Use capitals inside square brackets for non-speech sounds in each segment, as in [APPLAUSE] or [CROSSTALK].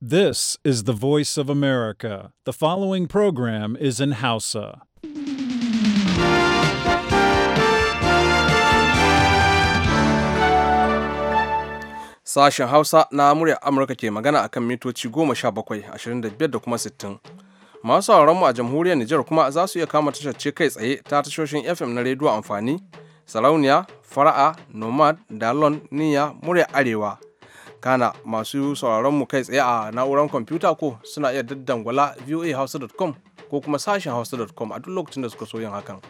This is the voice of America. The following program is in Hausa. Sashen Hausa na murya Amurka ke magana akan mitoci 17, 25 da kuma 60. Masu mu a jamhuriyar Nijar kuma za su iya kama tashar kai tsaye ta tashoshin FM na rediyo amfani, sarauniya, fara'a, nomad, dalon, niyya, murya arewa kana masu sauraronmu kai tsaye a na'urar kwamfuta ko suna iya daddangwala voahouse.com ko kuma sashen hausa.com a duk lokacin da suka so yin hakan.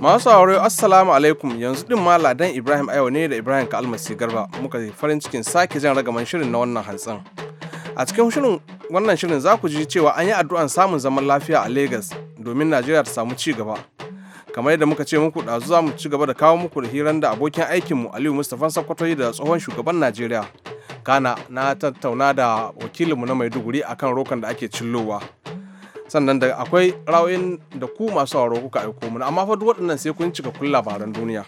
Masu sauraro Assalamu alaikum yanzu din ma Ladan Ibrahim Ayo ne da Ibrahim ka almasi Garba muka farin cikin sake jan ragaman shirin na wannan hantsin. A cikin shirin wannan shirin za ku ji cewa an yi addu'an samun zaman lafiya a lagos domin Najeriya ta samu ci gaba. kamar yadda muka ce muku ɗazu za mu ci gaba da kawo muku da hiran da abokin aikinmu aliyu mustapha sakwato da tsohon shugaban najeriya kana na tattauna da wakilinmu na maiduguri akan rokan da ake cillowa sannan da akwai ra'ayoyin da ku masu sauraro kuka aiko mana amma fa duk waɗannan sai kun cika kun labaran duniya.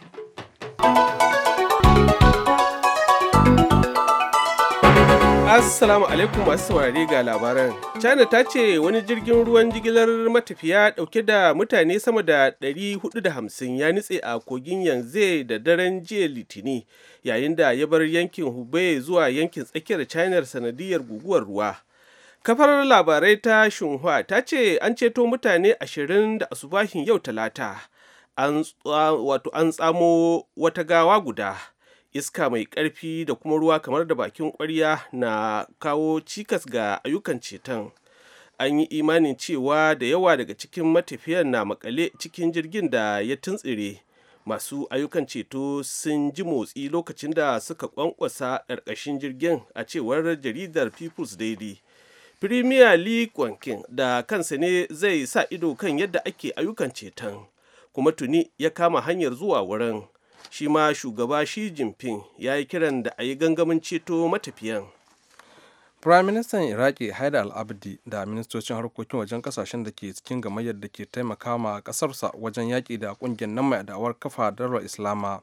thank you Assalamu alaikum masu saurare ga labaran. China ta ce wani jirgin ruwan jigilar matafiya dauke da mutane sama da 450 ya nutse a kogin Yanzu da daren jiya Litini yayin da ya bar yankin Hubei zuwa yankin tsakiyar China sanadiyar guguwar ruwa. Kafar labarai ta Xinhua ta ce an ceto mutane ashirin da asubahin yau talata. An tsamo wata gawa guda. iska mai ƙarfi da kuma ruwa kamar da bakin ƙwarya na kawo cikas ga ayyukan ceton an yi imanin cewa da yawa daga cikin matafiyan na makale cikin jirgin da ya tuntsire masu ayyukan ceto sun ji motsi lokacin da suka kwankwasa ƙarƙashin jirgin a cewar jaridar people's daily premier league wankin da kansa ne zai sa ido kan yadda ake ayyukan ceton kuma tuni ya kama hanyar zuwa wurin shi ma shugaba shi jinping ya yi kiran da a yi gangamin ceto matafiyan prime minister iraki haida al-abdi da ministocin harkokin wajen kasashen da ke cikin gamayyar da ke taimaka ma kasarsa wajen yaƙi da ƙungiyar nan mai adawar kafa darwa islama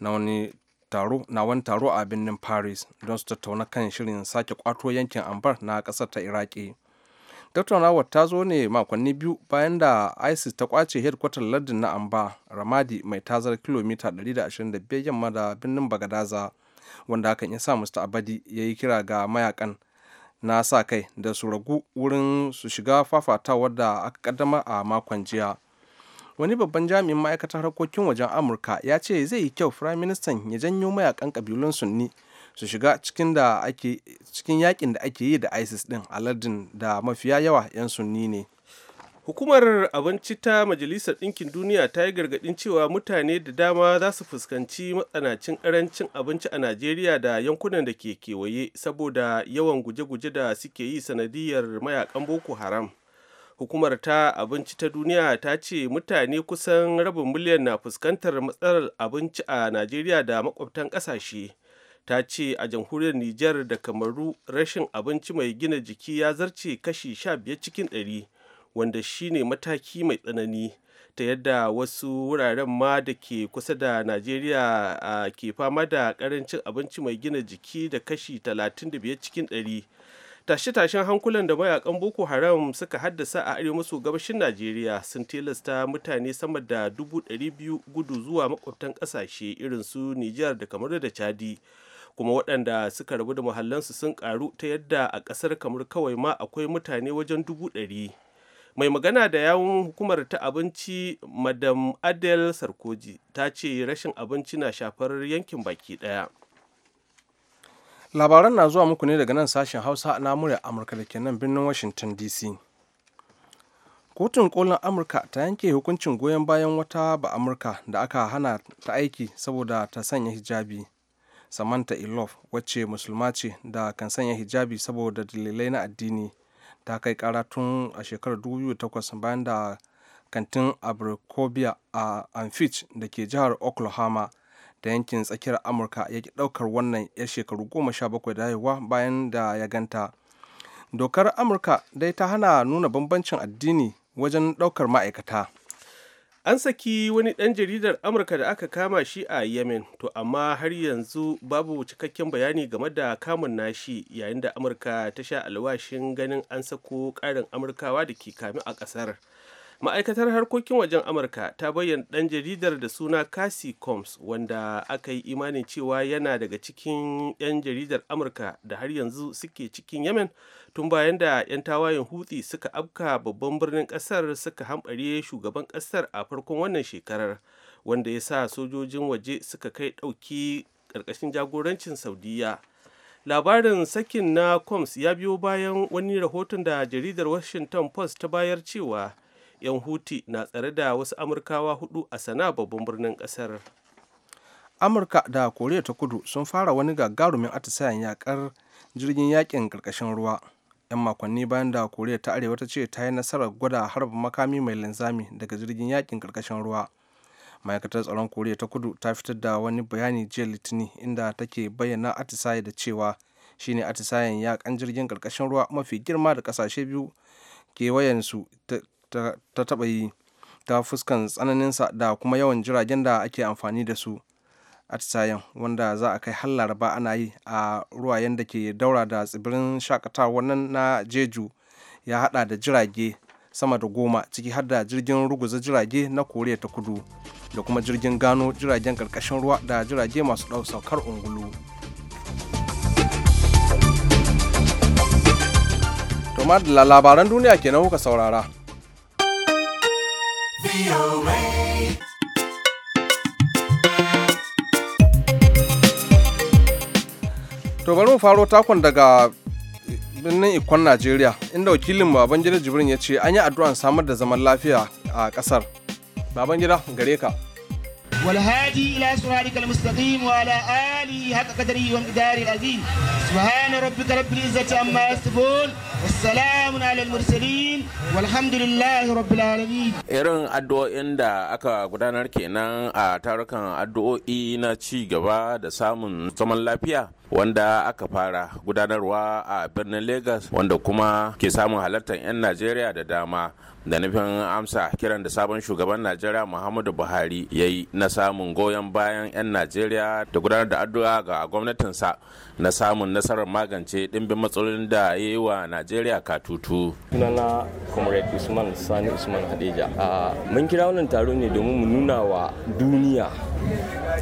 na wani taro na wani taro a birnin paris don su tattauna kan shirin sake kwato yankin ambar na kasar ta iraki dr. tattaunawar ta zo ne makonni biyu bayan da isis ta kwace hedkwatar lardin na amba ramadi mai tazar kilomita 125 yamma da birnin bagadaza wanda hakan ya sa musta abadi ya yi kira ga mayakan na sa kai da su ragu wurin su shiga fafatawar da aka kaddama a makon jiya wani babban jami'in ma'aikatar harkokin wajen amurka ya ce zai yi kyau ministan ya janyo mayakan kabilun sunni su shiga cikin yakin da ake yi da isis din a da mafiya yawa 'yan sunni ne hukumar abinci ta majalisar ɗinkin duniya ta yi gargaɗin cewa mutane da dama za su fuskanci matsanacin ƙarancin abinci a najeriya da yankunan da ke kewaye saboda yawan guje-guje da suke yi sanadiyar mayakan boko haram hukumar ta abinci ta duniya ta ce mutane kusan rabin miliyan na fuskantar matsalar abinci a najeriya da makwabtan ƙasashe ta ce a jamhuriyar Nijar da Kamaru rashin abinci mai gina jiki ya zarce kashi 15 cikin 100 wanda shine mataki mai tsanani ta yadda wasu wuraren ma da ke kusa da Najeriya ke fama da karancin abinci mai gina jiki da kashi 35 cikin 100. tashe-tashen hankulan da mayakan boko haram suka haddasa a arewa maso gabashin najeriya sun tilasta mutane sama da dubu gudu zuwa makwabtan ƙasashe irin su nijar da kamaru da chadi kuma waɗanda suka rabu da muhallansu sun karu ta yadda a ƙasar kamar kawai ma akwai mutane wajen dubu ɗari mai magana da yawun hukumar ta abinci madam adel sarkoji ta ce rashin abinci na shafar yankin baki ɗaya labaran na zuwa muku ne daga nan sashen hausa na murya amurka da ke nan birnin washington dc kotun kolin amurka ta yanke hukuncin goyon bayan wata ba amurka da aka hana ta aiki saboda ta sanya hijabi samantha ilof wacce musulma ce da kan sanya hijabi saboda dalilai na addini ta kai kara tun a shekarar 2008 bayan da kantin abercrombie a amfich da ke jihar oklahoma da yankin tsakiyar amurka ya ki daukar wannan 'yar shekaru 17 da haihuwa bayan da ya ganta dokar amurka dai ta hana nuna bambancin addini wajen daukar ma'aikata An saki wani ɗan jaridar Amurka da aka kama shi a Yemen, to amma har yanzu babu cikakken bayani game da kamun nashi yayin da Amurka ta sha alwashin ganin an sako ƙarin Amurkawa da ke kamu a ƙasar. ma'aikatar harkokin wajen amurka ta bayyana ɗan jaridar da suna Kasi combs wanda aka yi imanin cewa yana daga cikin 'yan jaridar amurka da har yanzu suke cikin yemen tun bayan da 'yan tawayen hutsi suka afka babban birnin ƙasar suka hambare shugaban ƙasar a farkon wannan shekarar wanda ya sa sojojin waje suka kai ɗauki ƙarƙashin jagorancin saudiya labarin sakin na combs ya biyo bayan wani rahoton da jaridar washington post ta bayar cewa 'yan huti na tsare da wasu amurkawa hudu a sana babban birnin kasar amurka da koriya ta kudu sun fara wani gagarumin atisayen yakar jirgin yakin karkashin ruwa yan makonni bayan da koriya ta arewa ta ce ta yi nasarar gwada harba makami mai linzami daga jirgin yakin karkashin ruwa ma'aikatar tsaron koriya ta kudu ta fitar da wani bayani jiya litini, inda take bayyana atisaye da cewa shine atisayen yakan jirgin karkashin ruwa mafi girma da kasashe biyu kewayensu ta taɓa yi ta fuskan tsananin sa da kuma yawan jiragen da ake amfani da su atisayen wanda za a kai har laraba ana yi a ruwayen da ke daura da tsibirin shakatawa nan na jeju ya hada da jirage sama da goma ciki har da jirgin ruguza jirage na koriya ta kudu da kuma jirgin gano jiragen karkashin ruwa da jirage masu ɗausaukar ungulu to da labaran duniya kenan kuka saurara To bari mu faro takon daga birnin ikon Najeriya inda wakilin Babangida Jibrin ya ce an yi addu'an samar da zaman lafiya a ƙasar. Babangida gare ka. والهادي إلى صراطك المستقيم وعلى آله حق قدره ومقدار العظيم سبحان ربك رب العزة عما يصفون والسلام على المرسلين والحمد لله رب العالمين irin addu'o'in إندا أكا قدانا kenan a tarukan addu'o'i na ci gaba da samun zaman wanda aka fara gudanarwa a birnin Legas wanda kuma ke samun halartar 'yan Najeriya da dama da nufin amsa kiran da sabon shugaban najeriya muhammadu buhari ya yi na samun goyon bayan 'yan najeriya da gudanar da addu'a ga gwamnatinsa na samun nasarar magance dimbin matsalolin da ya yi wa najeriya katutu sunana comrade usman sani usman hadeja ah, mun kira wannan taro ne domin mu nuna wa duniya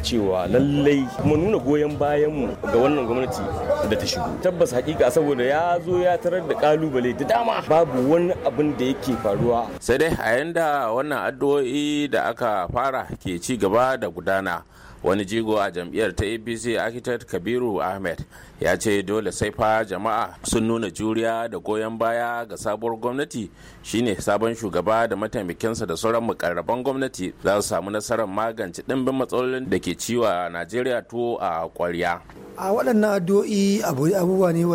cewa lallai kuma nuna goyon bayan mu ga wannan gwamnati da ta shigo tabbas hakika saboda ya zo ya tarar da kalubale da dama babu wani abin da yake faruwa sai dai a yanda wannan addu'o'i da aka fara ke ci gaba da gudana wani jigo a jam'iyyar ta apc architect kabiru ahmed ya ce dole sai fa jama'a sun nuna juriya da goyon baya ga sabuwar gwamnati shine sabon shugaba da mataimakinsa da sauran mukarraban gwamnati za su samu nasarar magance dimbin matsalolin da ke ciwa najeriya tuwo a kwarya a waɗannan addu'o'i abubuwa ne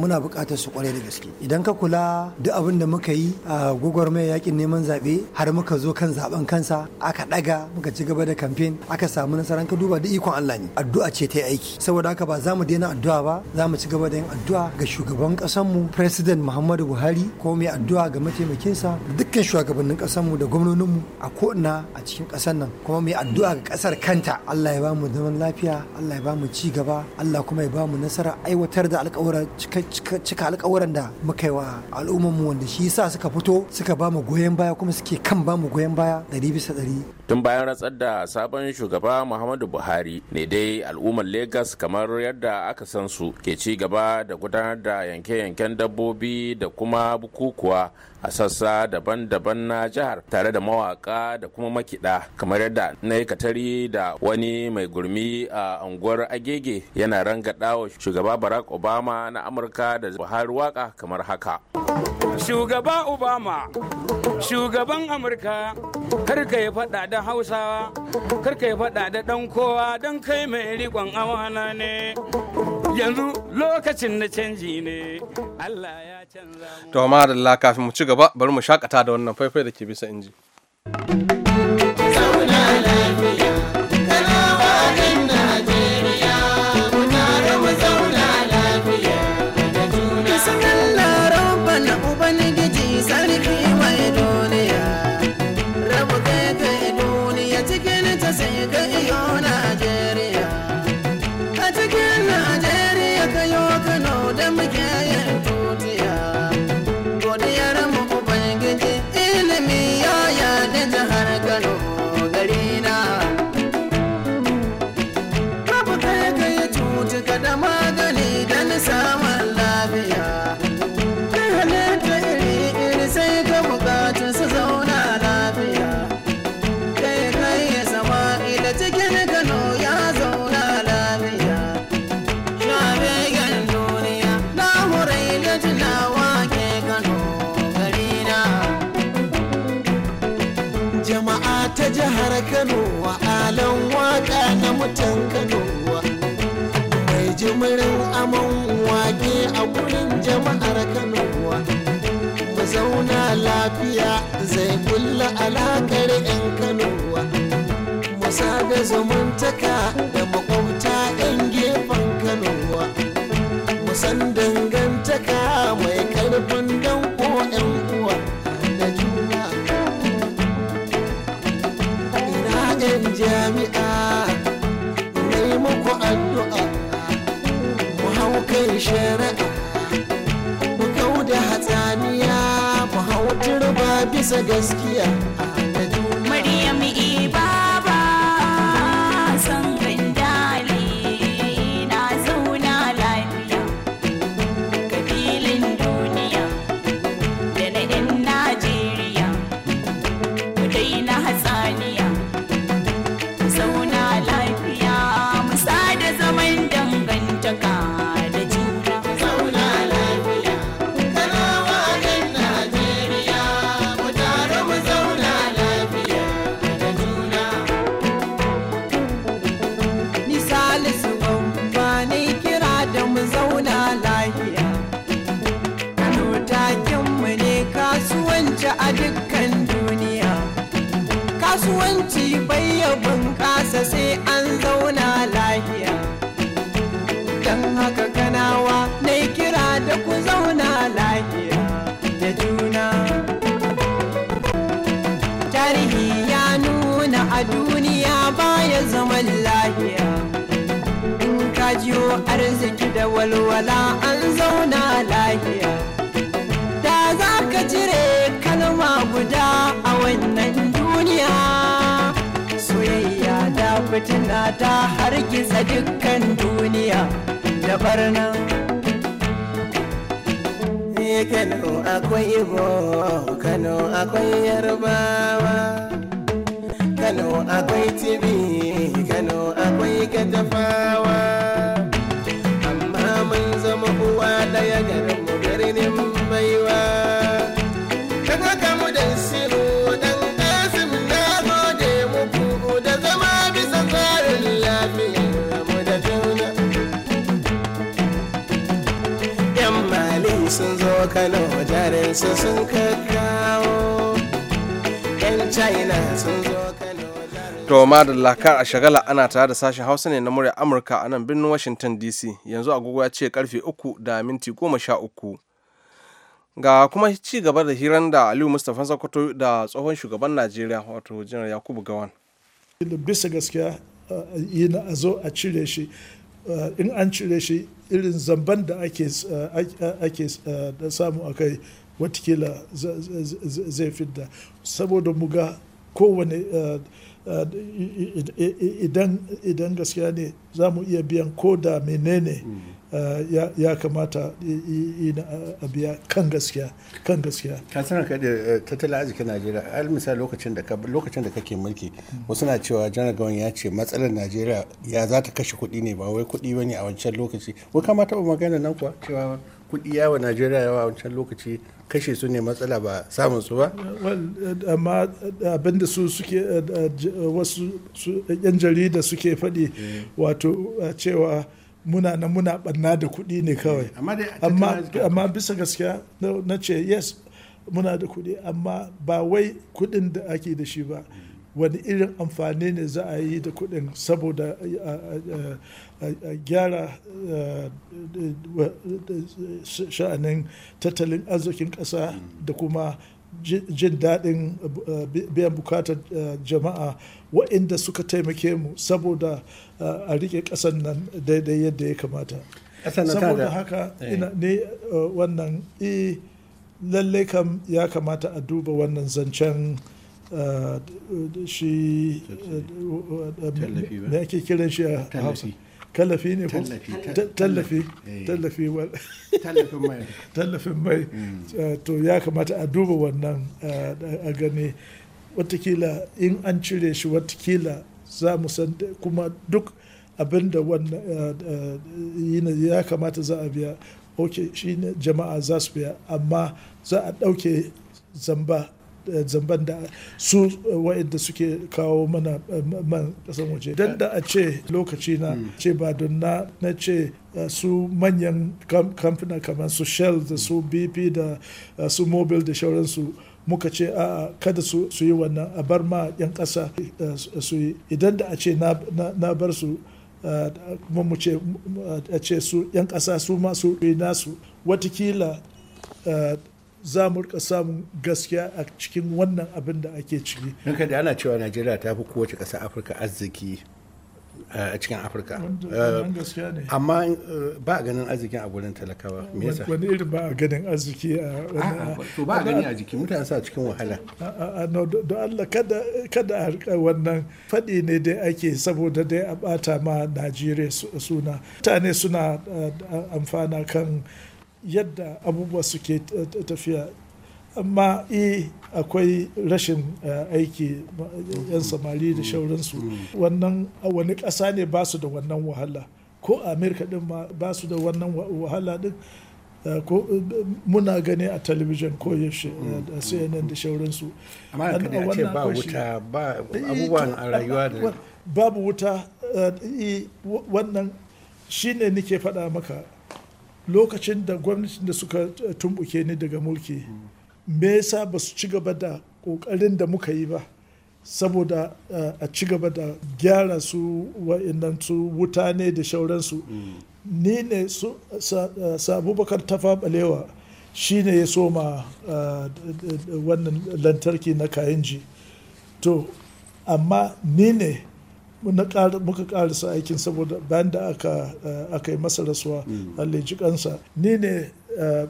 muna buƙatar su kwarai da gaske idan ka kula duk abin da muka yi a mai yakin neman zaɓe har muka zo kan zaɓen kansa aka ɗaga muka ci gaba da kamfen aka samu nasarar ka duba da ikon allah ne addu'a ce ta aiki saboda haka ba za mu daina addu'a ba ba za mu ci gaba da yin addu'a ga shugaban ƙasanmu president muhammadu buhari ko mai addu'a ga mataimakinsa duk dukkan shugabannin ƙasarmu da mu a ko ko'ina a cikin ƙasar nan kuma mai addu'a ga ƙasar kanta Allah ya bamu zaman lafiya Allah ya bamu ci gaba Allah kuma ya bamu nasara aiwatar da alƙawuran cika alƙawuran da muka yi wa al'ummarmu wanda shi yasa suka fito suka bamu goyon baya kuma suke kan bamu goyon baya ɗari bisa ɗari. Tun bayan ratsar da sabon shugaba Muhammadu Buhari ne dai al'ummar lagos kamar yadda aka san su ke ci gaba da gudanar da yanke-yanken dabbobi da kuma bukukuwa a sassa daban-daban na jihar tare da mawaka da kuma makida kamar yadda na yi katari da wani mai gurmi a unguwar agege yana rangada wa shugaba barack obama na amurka da buhari waka kamar haka shugaba obama shugaban amurka karka ya fada da hausawa karka ya fada da dan kowa don kai mai rikon awana ne yanzu lokacin na canji ne Allah ya canza mu to amma da kafin mu ci gaba bari mu shakata da wannan faifai da ke bisa inji thank you lamarin aman wage a gurin jama'ar kano ba zauna lafiya zai kulla alakar 'yan kano mu sada zamantaka da bisa gaskiya walwala an zauna lahiya da za ka jire kalma guda a wannan duniya soyayya da fitina ta hargitsa dukkan duniya da barna Kano akwai Igbo, Kano akwai Yarbawa, Kano akwai Tibi, Kano akwai Katafawa. ya garin mu birnin baiwa kan ka mu dan sinu dan kasim na gode muku da zama bisa tsarin lafiya mu da juna yan mali sun zo kano su sun kakkawo yan china sun To da lakar a shagala ana tare da sashen Hausa ne na murya Amurka a nan birnin Washington DC yanzu agogo ya ce karfe uku da minti goma sha uku. Ga kuma ci gaba da hiran da Aliyu Mustapha Sokoto da tsohon shugaban Najeriya wato Janar Yakubu Gawan. Bisa gaskiya yi eh, a zo a cire shi eh, in an cire shi irin zamban da ake eh, da samu a kai watakila zai fidda saboda muga kowane idan gaskiya ne za mu iya biyan ko da menene eh, ya kamata a biya kan gaskiya kan gaskiya ka sanar ka da eh, tattalin arzikin najeriya al misali lokacin da lokacin da kake mulki wasu na cewa janar gawan ya ce matsalar najeriya ya za ta kashe kuɗi ne ba wai kuɗi bane a wancan lokaci wai kamata ba magana nan kuwa cewa kuɗi yawa najeriya yawa wancan lokaci kashe su ne matsala ba samun su ba amma abinda su suke eh, eh, eh, wasu yan jarida suke faɗi wato cewa muna na muna ɓanna da kuɗi ne kawai amma bisa gaskiya na ce yes muna da kuɗi amma ba wai kuɗin da ake da shi ba mm. wani irin amfani ne za a yi da kuɗin saboda a gyara eh, eh, sha'anin tattalin arzikin ƙasa da kuma jin daɗin eh, biyan bukatar jama'a waɗanda suka taimake mu saboda a riƙe ƙasar nan daidai yadda ya kamata saboda haka ne wannan e lallai kam ya kamata a duba wannan zancen shi me ake kiran shi a hausa ne tallafi mai [LAUGHS] hmm. e, to ya kamata e, e, a duba wannan a watakila in an cire shi watakila za mu san kuma duk abin da wannan ya kamata za a biya ok shi jama'a za su biya amma za a ɗauke zamba Eh, zamban da su eh, wa'anda suke kawo mana eh, man kasan waje don da a ce lokaci na mm. ce ba don na ce su manyan kamfuna kamar su shell da su mm. bp da su mobile da shauransu muka ce a kada su yi wannan a bar ma 'yan kasa. su yi idan da a ce na bar su kuma mu ce a ce su 'yan kasa su masu yi nasu watakila za mu rika samun gaskiya a cikin wannan abin da ake ciki. Ninka da ana cewa Najeriya ta fi kowace ƙasa Afirka arziki a cikin Afirka. Eh, amma eh, ba a ganin arziki a gurin talakawa. Me yasa? Wani irin ba a ganin arziki a wani. To ba a gani a jiki mutane sa cikin wahala. Da Allah kada a rika wannan faɗi ne dai ake saboda dai a ɓata ma Najeriya suna. Mutane suna eh, amfana kan yadda abubuwa suke eh, tafiya amma e akwai rashin eh, aiki yan samari da shauransu mm, mm, mm. wannan wani ƙasa ne ba su da wannan wahala ko amerika din ma ba su da wannan wahala din ko muna gani a talibijin ko yaushe a cnn da shauransu amma ka ce ba wuta ba abubuwan a rayuwa da babu wuta wannan shine nike faɗa maka lokacin da gwamnatin da suka eh, tumbuke ni daga mulki me yasa ba su ci gaba da kokarin da muka yi ba saboda eh, a ci gaba da gyara su wa'innan su wuta ne da shauransu ni ne su eh, abubakar ta balewa shi ne ya soma wannan lantarki na kayanji to amma ni ne muka karasa aikin saboda bayan da eh, aka yi masa rasuwa mm. Allah kansa ni ne eh,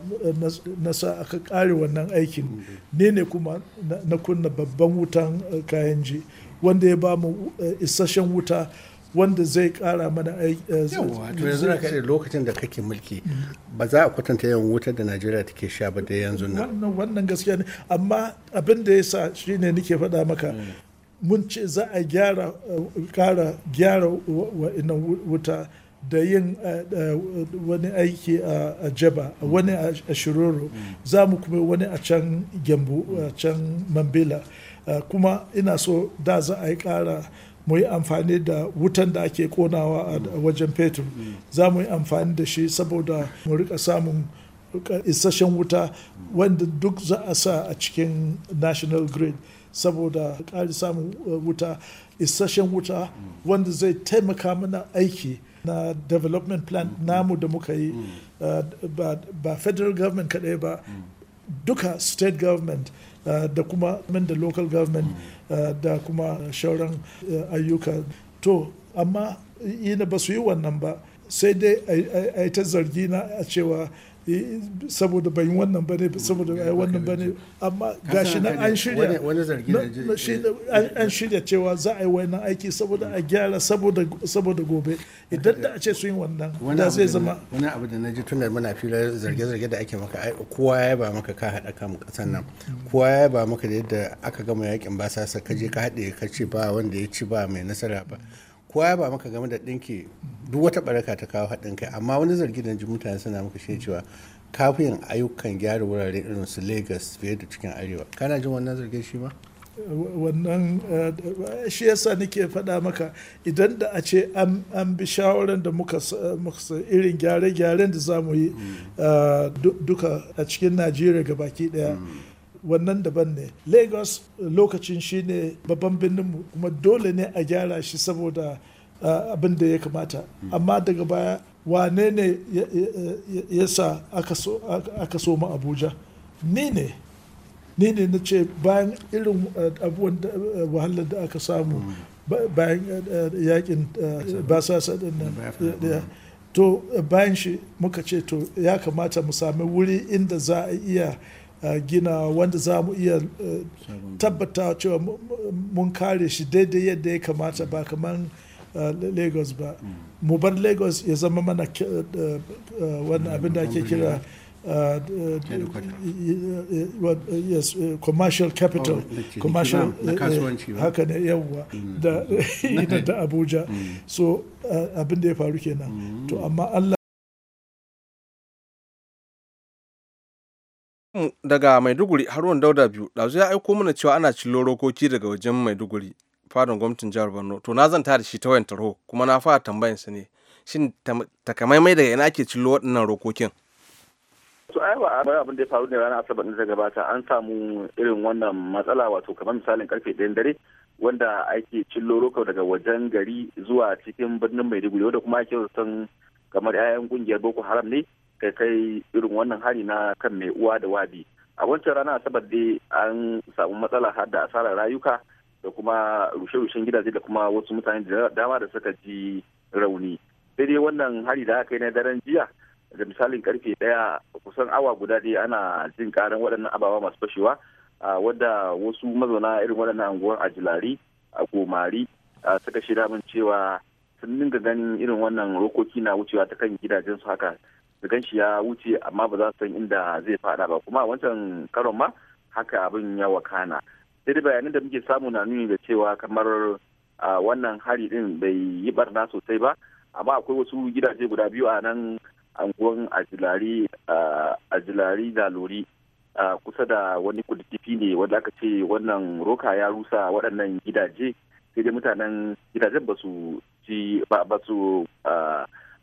na sa aka kare wannan aikin mm. ni ne kuma na kunna babban wutan eh, kayan ji wanda ya ba mu isasshen wuta wanda zai kara mana aiki to yanzu na lokacin da kake mulki mm. ba za a kwatanta yawan wutar da Najeriya take sha ba da yanzu nan wannan gaskiya ne amma abin da ya sa shine nike faɗa maka mun ce za a gyara kara eh, gyara wuta da yin eh, eh, wani aiki a jaba mm. wani a shiroro mm. za mu kuma wani a can gyambu mm. a can mambila kuma ina so da za a yi kara mu yi amfani da wutan da ake konawa a wajen fetur za mu yi amfani da shi saboda mu rika samun isasshen wuta wanda duk za a sa a cikin national grid saboda ƙari samun uh, wuta isasshen wuta wanda zai taimaka mana aiki na development plan namu da muka yi uh, ba federal government kaɗai ba duka state government uh, da kuma da local government da kuma shauran ayyuka to amma na ba su yi wannan ba sai dai a yi ta zargi na a cewa Eh, saboda ban wannan bane mm, saboda ai wannan bane amma gashi nan an shirya an shirya cewa za a yi wannan aiki saboda a gyara saboda gobe idan da a ce su yi wannan da zai zama wani abu da na ji tunar muna filar zarge-zarge da ake maka kowa ya ba maka ka haɗa kan kasan nan mm. kowa ya ba maka da yadda aka gama yakin sa ka je ka haɗe ka ce ba wanda ya ci ba mai nasara ba kowa ba maka game da ɗinki duk wata baraka ta kawo haɗin kai amma wani zargi da jin mutane suna maka shi cewa kafin ayyukan gyara wurare irin su lagos fiye da cikin arewa kana jin wannan zargin shi ma wannan eh, shi yasa nake faɗa maka idan da a ce an bi shawarar da muka irin gyare-gyaren da za mu yi mm. eh, duka a cikin najeriya ga baki ɗaya mm. wannan daban ne lagos eh, lokacin shine ne babban mu kuma dole ne a gyara shi saboda eh, abin da ya kamata hmm. amma daga baya wane ne ya sa aka so ma abuja ni ne ni ne na ce bayan irin eh, abubuwan wahalar da aka samu hmm. bayan yakin basasa din nan hmm. to bayan shi muka ce to ya kamata mu sami wuri inda za a iya gina wanda za mu iya eh, tabbata cewa mun kare shi daidai yadda ya kamata ba kamar eh, lagos ba mm. mu bar lagos ya zama mana eh, wannan mm, abin da ake kira yes, commercial capital oh, commercial haka ne yawwa mm. [LAUGHS] da abuja so abin da ya faru kenan to amma allah mu daga Maiduguri Haruna Dauda biyu ɗazu ya aiko mana cewa ana cillo rokoki daga wajen Maiduguri fadan gwamnatin jihar Borno to na zanta da shi ta wayan tarho kuma na fara tambayan sa ne shin takamaimai daga ina ake cillo waɗannan rokokin. to ai ba abin abin da ya faru ne ranar asabar da ta gabata an samu irin wannan matsala wato kamar misalin karfe 1 dare wanda ake cillo roko daga wajen gari zuwa cikin birnin maiduguri wanda kuma ake san kamar 'ya'yan kungiyar boko haram ne kai kai irin wannan hari na kan mai uwa da wabi a wancan rana asabar dai an samu matsala har da asarar rayuka da kuma rushe-rushen gidaje da kuma wasu mutane da dama da suka ji rauni sai dai wannan hari da aka yi na daren jiya da misalin karfe daya kusan awa guda dai ana jin karan waɗannan ababa masu fashewa wadda wasu mazauna irin waɗannan anguwan ajilari a gomari suka shirya min cewa sun dinga ganin irin wannan rokoki na wucewa ta kan gidajensu haka su gan shi ya wuce amma ba za su san inda zai fada ba kuma wancan karon ma haka abin ya wakana sai da bayanan da muke samu na nuni da cewa kamar wannan hari din bai yi barna sosai ba amma akwai wasu gidaje guda biyu a nan anguwan ajilari da lori kusa da wani kududdufi ne wanda aka ce wannan roka ya rusa waɗannan gidaje sai dai mutanen gidajen ba su ci ba su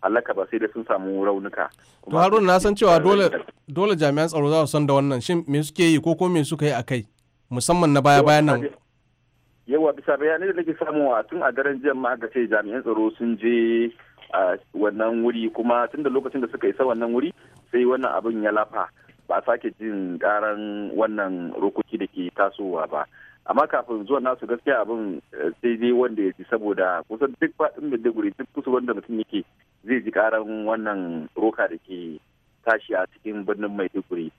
halaka ba sai da sun samu raunuka. To Haruna na san cewa dole jami'an tsaro za su san da wannan shin me suke yi ko ko me suka yi a kai musamman na baya bayan nan. Yawa bisa bayanai da nake samuwa tun a daren jiya ma aka ce jami'an tsaro sun je a wannan wuri kuma tun da lokacin da suka isa wannan wuri sai wannan abin ya lafa ba a sake jin karan wannan rokoki da ke tasowa ba. amma kafin zuwan nasu gaskiya abin eh, sai dai wanda ya ci saboda kusan duk faɗin maiduguri duk kusa wanda mutum yake zai ji karan wannan roka da ke tashi a cikin birnin maiduguri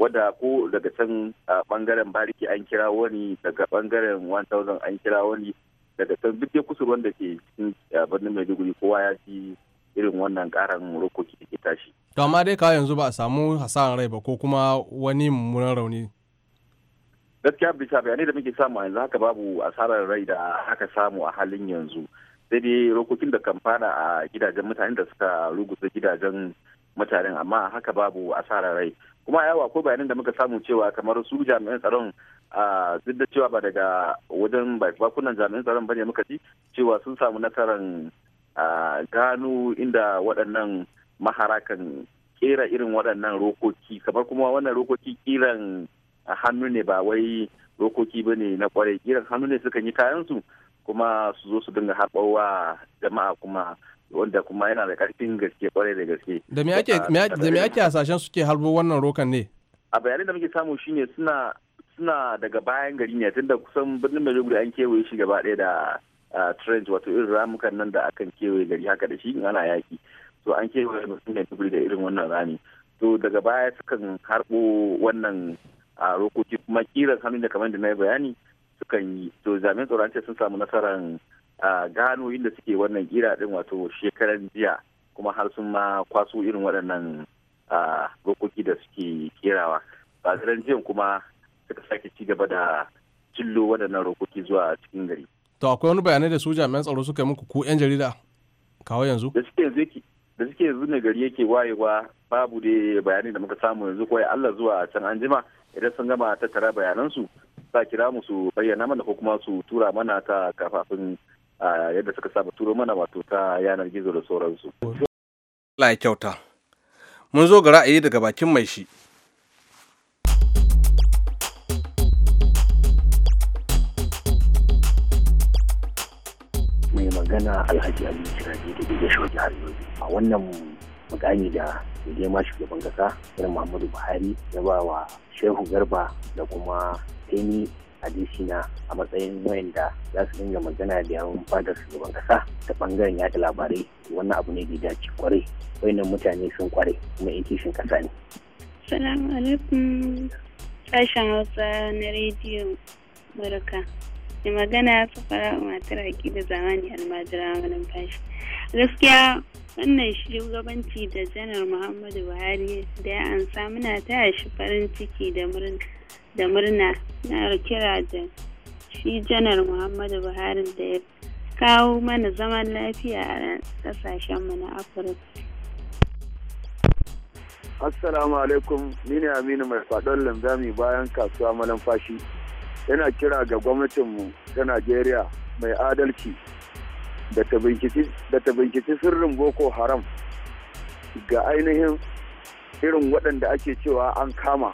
wadda ko daga can bangaren bariki an kira wani daga bangaren 1000 an kira wani daga can duk dai kusur wanda ke cikin birnin maiduguri kowa ya ci irin wannan karan rokoki da ke tashi. to amma dai kawai yanzu ba a samu hasaran rai ba ko kuma wani mummunan rauni gaskiya bisa bayanai da muke samu yanzu haka babu asarar rai da aka samu a halin yanzu sai dai rokokin da kan a gidajen mutane da suka ruguza gidajen mutanen amma haka babu asarar rai kuma yawa ko bayanan da muka samu cewa kamar su jami'an tsaron a duk da cewa ba daga wajen bakunan jami'an tsaron bane muka ci cewa sun samu nasarar gano inda waɗannan maharakan kera irin waɗannan rokoki kamar kuma wannan rokoki kiran hannu ne ba wai dokoki ba ne na kwarai kiran hannu ne sukan yi kayansu kuma su zo su dinga haɓawa jama'a kuma wanda kuma yana da ƙarfin gaske kwarai da gaske da me ake hasashen suke harbo wannan rokan ne a bayanai da muke samu shine suna suna daga bayan gari ne tunda kusan birnin maiduguri an kewaye shi gaba ɗaya da trench wato irin ramukan nan da akan kewaye gari haka da shi in ana yaki so an kewaye musu ne da irin wannan rami to daga baya sukan harbo wannan a rokoki kuma kiran hannun da kamar da na yi bayani sukan yi to jami'an tsoron sun samu nasarar gano inda suke wannan kira din wato shekaran jiya kuma har sun ma kwaso irin waɗannan rokoki da suke kirawa ba jiyan kuma suka sake ci gaba da cillo waɗannan rokoki zuwa cikin gari to akwai wani bayanai da su jami'an tsaro suka muku ku yan jarida kawo yanzu da suke yanzu da suke yanzu ne gari yake wayewa babu dai bayanai da muka samu yanzu kawai Allah zuwa can anjima idan sun gama tattara bayanansu za kira mu su bayyana mana ko kuma su tura mana ta kafafin yadda suka saba turo mana wato ta yanar gizo da sauransu. Allah ya kyauta. Mun zo ga ra'ayi daga bakin mai shi. Mai magana Alhaji Ali Kiraji da Gide Shoji har A wannan mukami da ya ma shugaban gasa irin Muhammadu Buhari ya ba wa shehu garba da kuma feni adesina a matsayin wayanda za su dinga magana da yawon fadar shugaban kasa ta bangaren yada labarai wannan abu ne da dace kwarai wayannan mutane sun kware kuma yan kishin kasa ne salamu alaikum sashen hausa na rediyo barka mai magana safara matar haƙi da zamani almajira numfashi gaskiya wannan shugabanci da janar muhammadu buhari da ya ansa muna taya shi farin ciki da murna na kira da shi janar muhammadu buhari da ya kawo mana zaman lafiya a kasashenmu na afirka assalamu alaikum ni ne aminu mai faɗon linzami bayan kasuwa malamfashi yana kira ga gwamnatinmu ta najeriya mai adalci da ta binciki sirrin boko haram ga ainihin irin waɗanda ake cewa an kama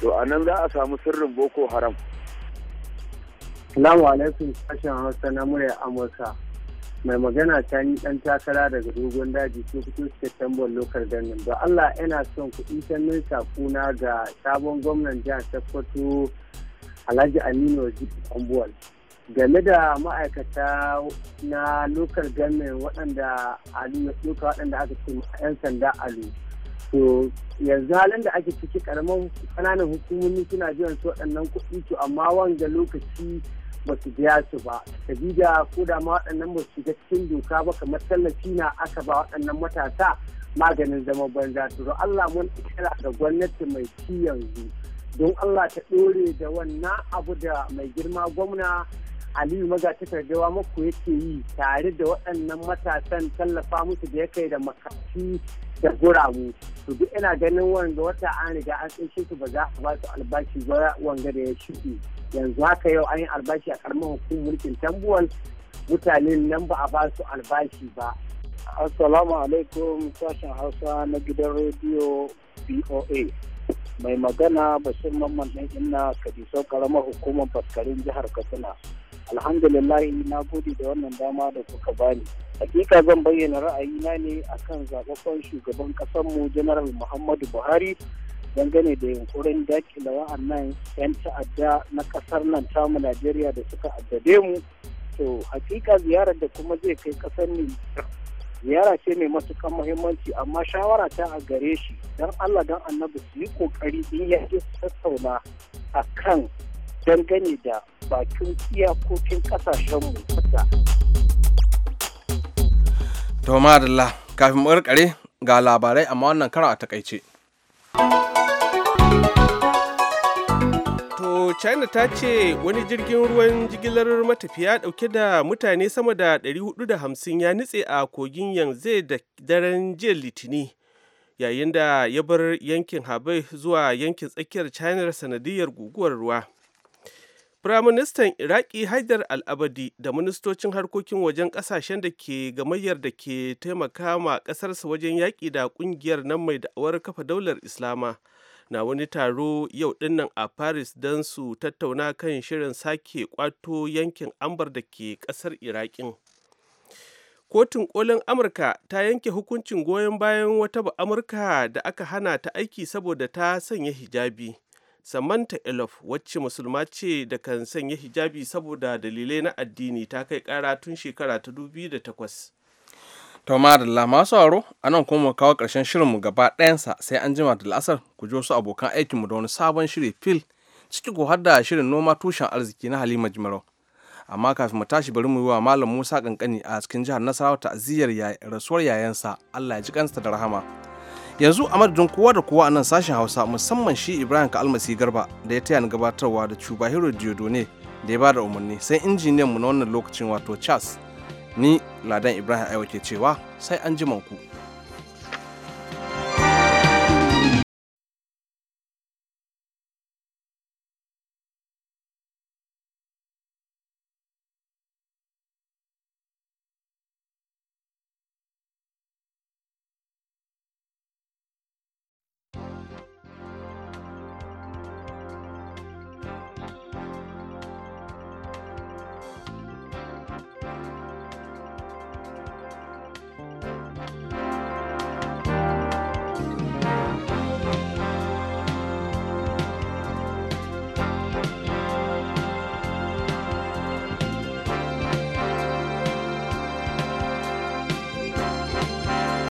to a nan za a samu sirrin boko haram Salamu alaikum sashen hausa na murya amurka mai magana ta yi ɗan takara daga dogon daji su fito september lokar ganin da allah yana son kuɗi ta nuna kuna ga sabon gwamnan jihar sokoto alhaji aminu wajib kwambuwal game da ma'aikata na lokar gamin waɗanda alu ya tsoka waɗanda aka ce yan sanda Ali to yanzu halin da ake ciki karamin ƙananan hukumomi suna biyan su waɗannan kuɗi to amma wanga lokaci ba su biya su ba sabida ko da ma waɗannan ba su cikin doka ba kamar tallafi na aka ba waɗannan matasa maganin zama banza to Allah mun kira ga gwamnati mai ci yanzu don Allah ta ɗore da wannan abu da mai girma gwamna Aliyu ta magatakardawa maku yake yi tare da waɗannan matasan tallafa musu da ya kai da makarci da guramu to duk ina ganin wanda wata an riga an tsinci su ba za a ba su albashi ba wanga da ya shuɗe yanzu haka yau an yi albashi a ƙaramin hukumar mulkin tambuwal mutanen nan ba a ba su albashi ba assalamu alaikum sashen hausa na gidan rediyo boa mai magana bashir mamman ɗan inna kadisau karamar hukumar faskarin jihar katsina alhamdulillahi na gode da wannan dama da kuka bani hakika zan bayyana ra'ayina ne a kan zaɓaɓɓen shugaban ƙasarmu general muhammadu buhari dangane da yunkurin dakila wa'annan 'yan ta'adda na ƙasar nan tamu najeriya da suka addabe mu to hakika ziyarar da kuma zai kai ƙasar ne ziyara ce mai matukan muhimmanci amma shawara ta a gare shi don allah don annabi su yi kokari in ya ke tattauna a kan dangane da bakin iyakokin ƙasashen kusa. to madalla kafin mu ga labarai amma wannan kara a takaice. china ta ce wani jirgin ruwan jigilar matafiya dauke da mutane sama da 450 ya nutse a kogin yanzu da daren jiya litini yayin da ya bar yankin habai zuwa yankin tsakiyar china sanadiyar guguwar ruwa firaministan iraki haidar al'abadi da ministocin harkokin wajen kasashen da ke gamayyar da ke taimaka ma kasarsa wajen yaƙi da ƙungiyar nan mai da'awar kafa daular islama na wani taro yau dinnan a paris don su tattauna kan shirin sake kwato yankin ambar da ke kasar iraƙin kotun kolin amurka ta yanke hukuncin goyon bayan wata ba amurka da aka hana ta aiki saboda ta sanya hijabi samanta elof wacce musulma ce da kan sanya hijabi saboda dalilai na addini ta kai kara tun shekara ta 2008 To madalla masu sauraro a nan kuma kawo ƙarshen shirinmu gaba ɗayansa sai an jima da la'asar ku ji wasu abokan aikinmu da wani sabon shiri fil ciki ko har da shirin noma tushen arziki na Halima Jimarau. Amma kafin mu tashi bari mu yi wa Malam Musa Kankani a cikin jihar Nasarawa aziyar rasuwar yayansa Allah ya ji kansa da rahama. Yanzu a madadin kowa da kowa a nan sashen Hausa musamman shi Ibrahim almasi Garba da ya taya ni gabatarwa da hero Diodone da ya ba da umarni sai mu na wannan lokacin wato Charles ni ladan ibrahim aiwa ke cewa sai an ji ku.